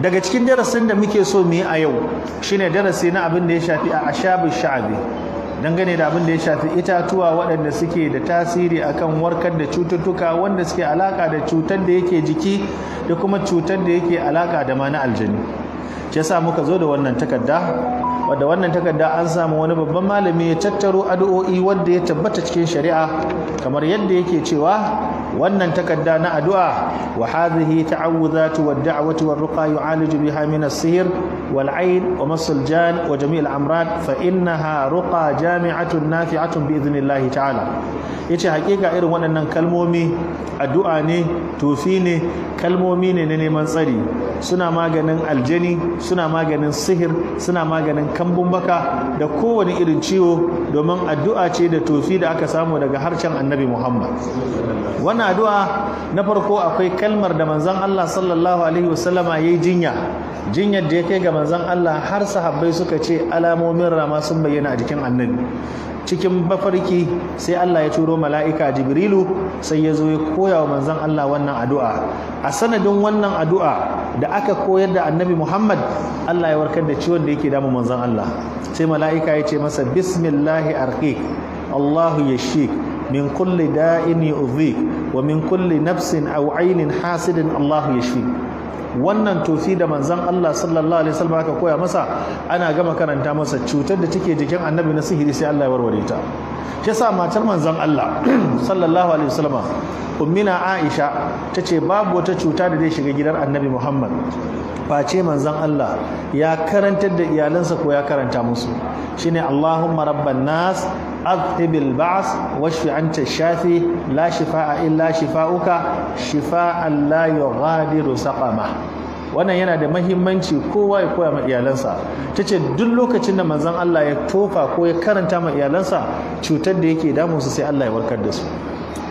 daga cikin darasin da muke so mu yi a yau shine darasi na abin da ya shafi a ashabul sha'abi dangane da abin da ya shafi itatuwa waɗanda suke da tasiri akan warkar da cututtuka wanda suke alaka da cutar da yake jiki da kuma cutar da yake alaka da ma na aljanu shi sa muka zo da wannan takarda wadda wannan takarda an samu wani babban malami ya tattaro addu'o'i wanda ya tabbata cikin shari'a kamar yadda yake cewa wannan takarda na addu'a wa hadhihi ta'awudhatu wad da'watu war ruqa yu'alaju biha min as-sihr wal 'ayn wa masl jan wa jami' al amrad fa innaha ruqa jami'atun nafi'atun bi idhnillah ta'ala yace hakika irin waɗannan kalmomi addu'a ne tofi ne kalmomi ne na neman tsari suna maganin aljani suna maganin sihir suna maganin kambun baka da kowane irin ciwo domin addu'a ce da tofi da aka samu daga harshen annabi muhammad wannan addu'a na farko akwai kalmar da manzan allah sallallahu alaihi wasallama ya yi jinya jinyar da ya kai ga manzon Allah har sahabbai suka ce alamomin rama sun bayyana a jikin annabi cikin bafarki sai Allah ya turo mala'ika Jibrilu sai ya zo ya koya wa manzon Allah wannan addu'a a sanadin wannan addu'a da aka koyar da annabi Muhammad Allah ya warkar da ciwon da yake damun manzon Allah sai mala'ika ya ce masa bismillahi arqiq Allahu yashik min kulli da'in yu'dhik wa min kulli nafsin aw 'ainin hasidin Allahu yashik wannan tofi da manzan Allah sallallahu alaihi wasallam aka koya masa ana gama karanta masa cutar da take jikin annabi na sihiri sai Allah ya warware ta shi yasa matar manzon Allah sallallahu alaihi wasallam ummina Aisha tace babu wata cuta da zai shiga gidan Annabi Muhammad face manzon Allah ya karantar da iyalansa ko ya karanta musu shine Allahumma rabban nas adhibil ba's washfi anta shafi la shifaa illa shifauka shifaan la yughadiru saqama wannan yana da mahimmanci kowa ya koya ma iyalansa ta ce duk lokacin da manzan Allah ya tofa ko ya karanta ma iyalansa cutar da yake damu su sai Allah ya warkar da su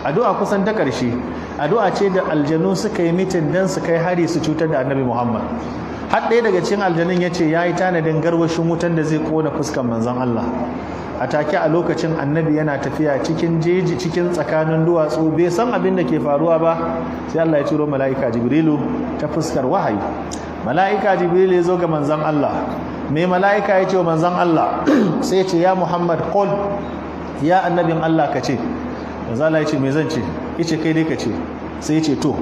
addu'a kusan ta ƙarshe addu'a ce da aljanu suka yi mitin don su kai hari su cutar da annabi Muhammad har ɗaya daga cikin aljanin ya ce ya yi tanadin garwashin wutan da zai ƙona fuskan manzon Allah a take a lokacin annabi yana tafiya cikin jeji cikin tsakanin duwatsu bai san abin da ke faruwa ba sai Allah ya turo mala'ika jibrilu ta fuskar wahayi mala'ika jibrilu ya zo ga manzon Allah mai mala'ika ya ce wa manzon Allah sai ya ce ya Muhammad qul ya annabin Allah ka ce manzon Allah ya ce me zan ce yace kai dai ka ce sai ya ce to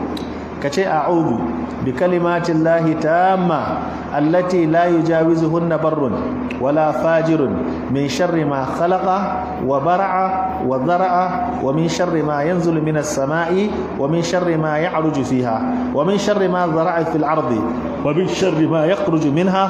kace a'udhu bi kalimatin lahi tamma allati la yujawizuhunna barrun wala fajirun min sharri ma khalaqa wa bara'a wa dhara'a wa min sharri ma yanzulu minas samai wa min sharri ma ya'ruju fiha wa min sharri ma dhara'a fil ardi wa min ma minha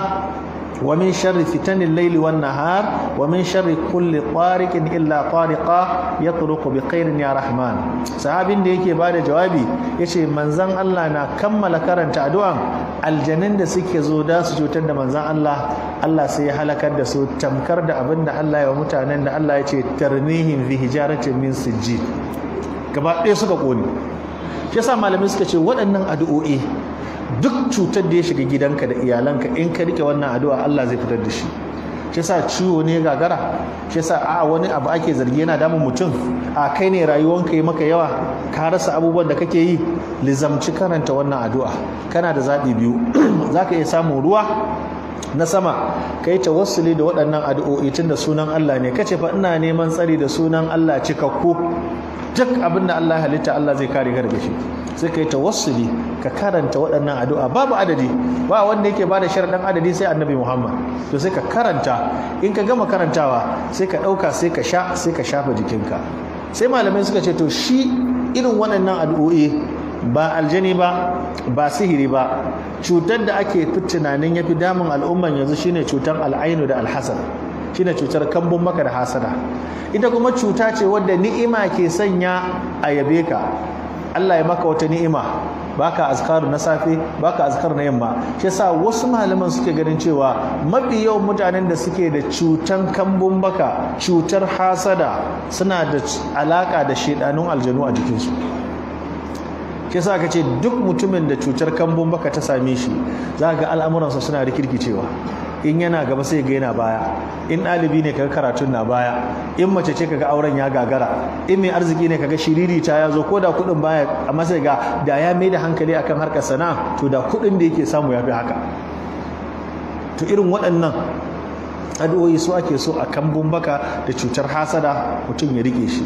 wa min sharri fitanil layli wan nahar wa min sharri kulli tariqin illa tariqa yatruqu bi khairin ya rahma. sahabin da yake bada jawabi ya ce Manzan Allah na kammala karanta addu'an aljanin da suke zo da su cutar da manzon Allah Allah sai ya halakar da su tamkar da abinda da Allah ya mutanen da Allah ya ce tarnihim fi hijaratin min sijjid gaba ɗaya suka kone shi yasa malamai suka ce waɗannan addu'o'i duk cutar da ya shiga gidanka da iyalanka in ka rike wannan addu'a Allah zai fitar da shi shi yasa ciwo ne gagara shi yasa a wani abu ake zargi yana damun mutum a kai ne rayuwanka yi maka yawa ka rasa abubuwan da kake yi lizamci karanta wannan addu'a kana da zaɓi biyu zaka iya samun ruwa na sama ka yi tawassuli da waɗannan addu'o'i tun da sunan Allah ne kace fa ina neman tsari da sunan Allah cikakku duk abin da Allah halitta Allah zai kare ka shi sai ka yi tawassuli ka karanta waɗannan addu'a babu adadi ba wanda yake bada sharadan adadi sai annabi Muhammad to sai ka karanta in ka gama karantawa sai ka ɗauka sai ka sha sai ka shafa jikinka sai malamai suka ce to shi irin waɗannan addu'o'i ba aljani ba ba sihiri ba cutar da ake fi tunanin ya fi damun al'umman yanzu shine cutar al'ainu da alhassan shine cutar kambun maka da hasada ita kuma cuta ce wadda ni'ima ke sanya a yabe ka Allah ya maka wata ni'ima baka azkaru na safe baka azkaru na yamma shi yasa wasu malaman suke ganin cewa mafi yawan mutanen da suke da cutan kambun baka cutar hasada suna da alaka da shedanun aljanu a jikinsu shi yasa aka ce duk mutumin da cutar kambun baka ta same shi za ga al'amuransa suna rikirkicewa in yana gaba sai ga yana baya in ɗalibi ne kaga karatun na baya in mace ce kaga auren ya gagara in mai arziki ne kaga shiriri ta ya zo ko da kuɗin baya amma sai ga da ya mai da hankali akan harkar sana'a to da kuɗin da yake samu ya fi haka to irin waɗannan addu'o'i su ake so a kan bumbaka da cutar hasada mutum ya rike shi